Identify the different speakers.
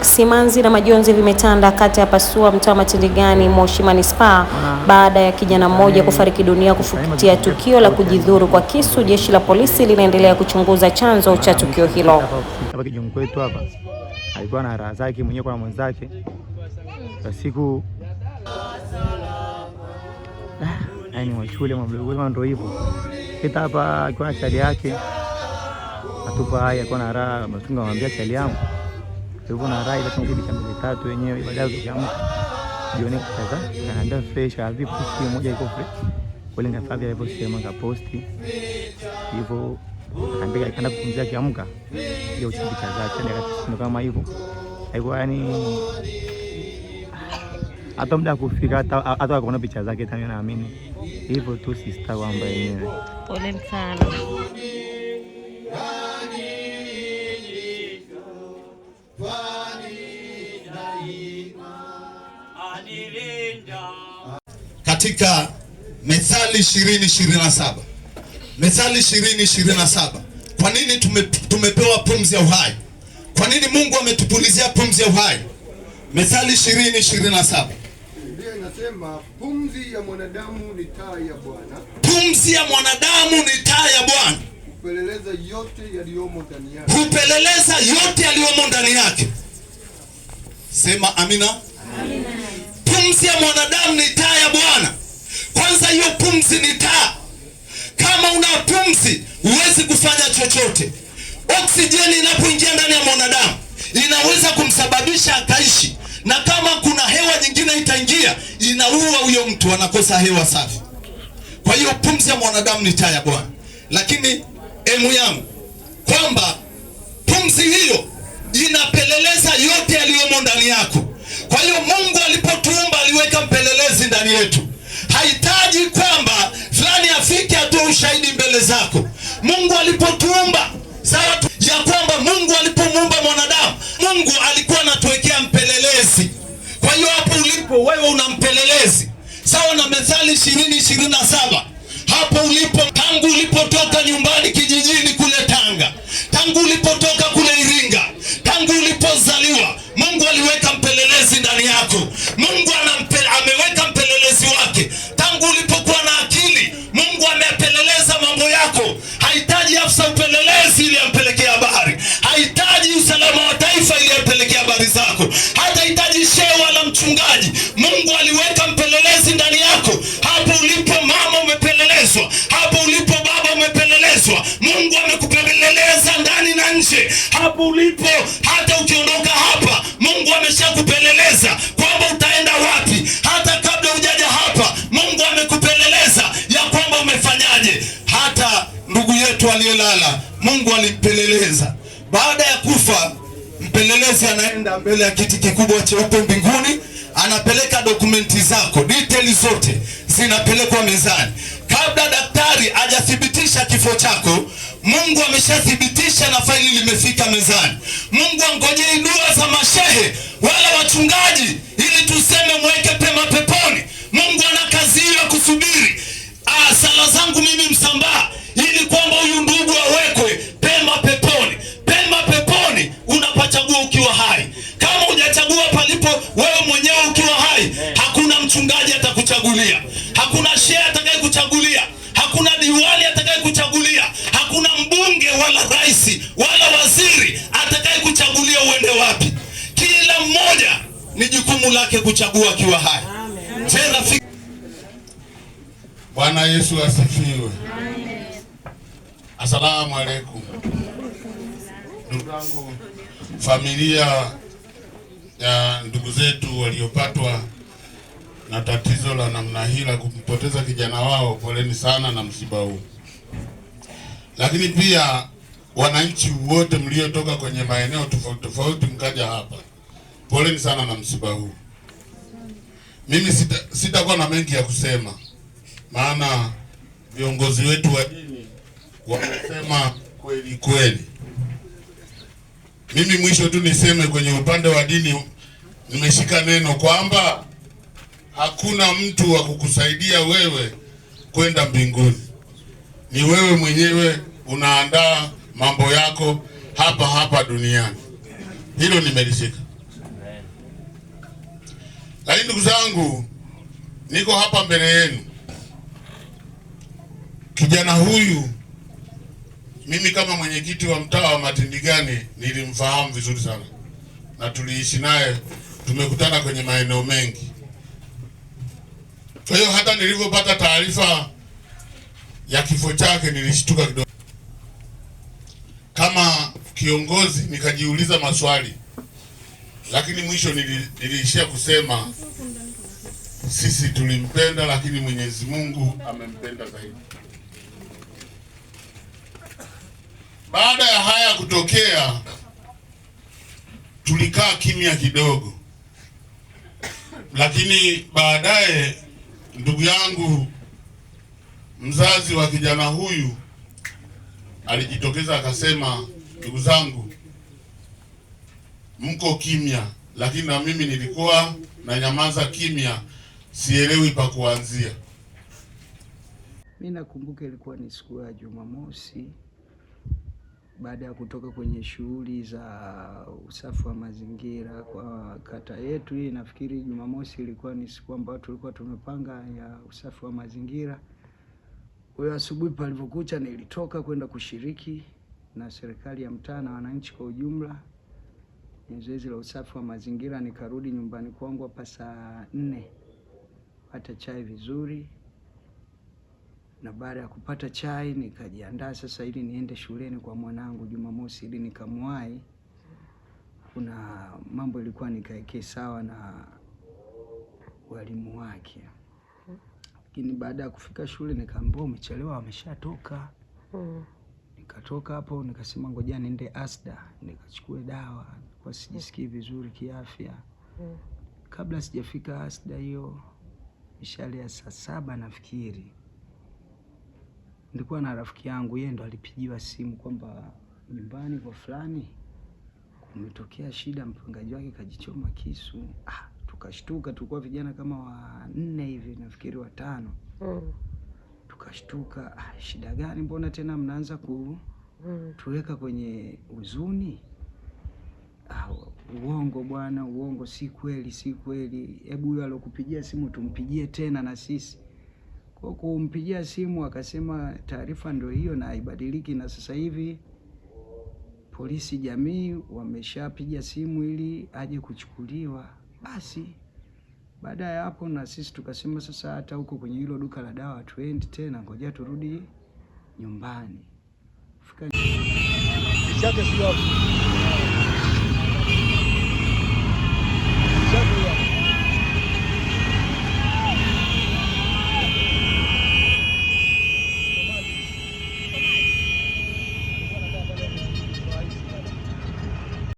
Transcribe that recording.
Speaker 1: Simanzi na majonzi vimetanda kata ya Pasua, mtaa Matindegani, Moshi manispaa ah. baada ya kijana mmoja mm. kufariki dunia kufuatia tukio la kujidhuru kwa kisu. Jeshi la polisi linaendelea kuchunguza chanzo cha tukio hilo.
Speaker 2: Hapa kijana kwetu hapa alikuwa na raha zake mwenyewe kwa mwenzake siku eh, yani hivyo kita hapa akiwa na chali yake atupa haya akiwa na raha matunga mwambia chali yangu Tulikuwa na rai lakini kurudi kamili tatu wenyewe baadaye tukiamka. Jioni sasa kaanda fresh hivi ah, posti moja iko fresh. Kwa lenga Fabi aliposema ka posti. Hivyo akaambia akaenda kupumzika kiamka. Ya uchimbi cha zake ndio kitu kama hivyo. Haikuwa yani hata muda kufika hata hata picha zake tani naamini. Hivyo tu sister wangu yenyewe.
Speaker 3: Pole sana.
Speaker 4: katika Methali 20:27. Methali 20:27. Kwa nini tume, tumepewa pumzi ya uhai? Kwa nini Mungu ametupulizia pumzi ya uhai? Methali 20:27.
Speaker 5: Biblia inasema pumzi ya mwanadamu ni taa ya Bwana.
Speaker 4: Pumzi ya mwanadamu ni taa ya Bwana.
Speaker 5: Hupeleleza yote yaliyomo ndani yake.
Speaker 4: Hupeleleza yote yaliyomo ndani yake. Sema amina. Pumzi ya mwanadamu ni taa ya Bwana. Kwanza hiyo pumzi ni taa. Kama una pumzi, huwezi kufanya chochote. Oksijeni inapoingia ndani ya mwanadamu inaweza kumsababisha akaishi, na kama kuna hewa nyingine itaingia, inaua huyo mtu, anakosa hewa safi. Kwa hiyo pumzi ya mwanadamu ni taa ya Bwana. Lakini emu yangu kwamba pumzi hiyo inapeleleza yote yaliyomo ndani yako. Kwa hiyo Mungu alipotuumba aliweka mpelelezi ndani yetu. Hahitaji kwamba fulani afike atoe ushahidi mbele zako. Mungu alipotuumba sawa tu, ya kwamba Mungu alipomuumba mwanadamu, Mungu alikuwa anatuwekea mpelelezi. Kwa hiyo hapo ulipo wewe una mpelelezi, sawa na Methali ishirini ishirini na saba hapo ulipo tangu ulipotoka nyumbani kijijini kule Tanga, tangu ulipotoka kule Iringa, tangu ulipozaliwa Mungu aliweka mpelelezi ndani yako. Mungu anampe, ameweka mpelelezi wake tangu ulipokuwa na akili. Mungu amepeleleza mambo yako. Hahitaji afisa upelelezi ili ampelekee habari, hahitaji usalama wa taifa ili ampelekee habari zako, hata hitaji shehe wala mchungaji. Mungu aliweka mpelelezi ndani yako. Hapo ulipo mama umepelelezwa, hapo ulipo baba umepelelezwa. Mungu amekupeleleza ndani na nje, hapo ulipo amependeza, kwamba utaenda wapi. Hata kabla hujaja hapa, Mungu amekupeleleza ya kwamba umefanyaje. Hata ndugu yetu aliyelala, Mungu alimpeleleza. Baada ya kufa, mpelelezi anaenda mbele ya kiti kikubwa cheupe mbinguni, anapeleka dokumenti zako, details zote zinapelekwa mezani kabla tayari hajathibitisha kifo chako, Mungu ameshathibitisha na faili limefika mezani. Mungu angojei dua za mashehe wala wachungaji, ili tuseme mweke pema peponi. Mungu ana kazi hiyo ya kusubiri. Ah, sala zangu mimi Msambaa, ili kwamba huyu ndugu awekwe pema peponi. Pema peponi unapachagua ukiwa hai. Kama hujachagua palipo wewe mwenyewe ukiwa hai, hakuna mchungaji atakuchagulia, hakuna shehe atakayekuchagulia. wala rais wala waziri atakaye kuchagulia uende wapi. Kila mmoja ni jukumu lake kuchagua akiwa hai. Je, Bwana Yesu asifiwe. Asalamu alaykum. Ndugu zangu, familia ya ndugu zetu waliopatwa na tatizo la namna hii la kumpoteza kijana wao, poleni sana na msiba huu, lakini pia wananchi wote mliotoka kwenye maeneo tofauti tofauti mkaja hapa, poleni sana na msiba huu. Mimi sitakuwa sita na mengi ya kusema, maana viongozi wetu wa dini wamesema kweli kweli. Mimi mwisho tu niseme kwenye upande wa dini, nimeshika neno kwamba hakuna mtu wa kukusaidia wewe kwenda mbinguni, ni wewe mwenyewe unaandaa mambo yako hapa hapa duniani. Hilo nimelishika. Lakini ndugu zangu, niko hapa mbele yenu. Kijana huyu mimi kama mwenyekiti wa mtaa wa Matindigani nilimfahamu vizuri sana na tuliishi naye, tumekutana kwenye maeneo mengi. Kwa hiyo hata nilivyopata taarifa ya kifo chake nilishtuka kidogo kama kiongozi nikajiuliza maswali, lakini mwisho niliishia kusema sisi tulimpenda, lakini Mwenyezi Mungu amempenda zaidi. Baada ya haya kutokea, tulikaa kimya kidogo, lakini baadaye ndugu yangu mzazi wa kijana huyu alijitokeza akasema, ndugu zangu, mko kimya, lakini na mimi nilikuwa na nyamaza kimya, sielewi pa kuanzia.
Speaker 6: Mimi nakumbuka ilikuwa ni siku ya Jumamosi baada ya kutoka kwenye shughuli za usafi wa mazingira kwa kata yetu hii. Nafikiri Jumamosi ilikuwa ni siku ambayo tulikuwa tumepanga ya usafi wa mazingira. Kwa hiyo asubuhi palivyokucha, nilitoka kwenda kushiriki na serikali ya mtaa na wananchi kwa ujumla ni zoezi la usafi wa mazingira. Nikarudi nyumbani kwangu hapa saa nne pata chai vizuri, na baada ya kupata chai nikajiandaa sasa ili niende shuleni kwa mwanangu Jumamosi ili nikamwahi. Kuna mambo ilikuwa nikaekee sawa na walimu wake. Lakini baada ya kufika shule nikaambiwa umechelewa, ameshatoka. Mm. Nikatoka hapo nikasema ngoja niende Asda nikachukue dawa, kwa sijisikii vizuri kiafya. Mm. Kabla sijafika Asda hiyo mishale ya saa saba nafikiri, nilikuwa na rafiki yangu, yeye ndo alipigiwa simu kwamba nyumbani kwa fulani kumetokea shida, mpangaji wake kajichoma kisu. Ah tukashtuka, tulikuwa vijana kama wanne hivi nafikiri watano mm. Tukashtuka, ah, shida gani? Mbona tena mnaanza mm. tuweka kwenye huzuni? Ah, uongo bwana, uongo, si kweli, si kweli. Hebu huyo alokupigia simu tumpigie tena na sisi kwa kumpigia simu akasema taarifa ndio hiyo na haibadiliki, na sasa hivi polisi jamii wameshapiga simu ili aje kuchukuliwa. Basi baada ya hapo, na sisi tukasema sasa, hata huko kwenye hilo duka la dawa tuendi tena, ngoja turudi nyumbani
Speaker 7: fika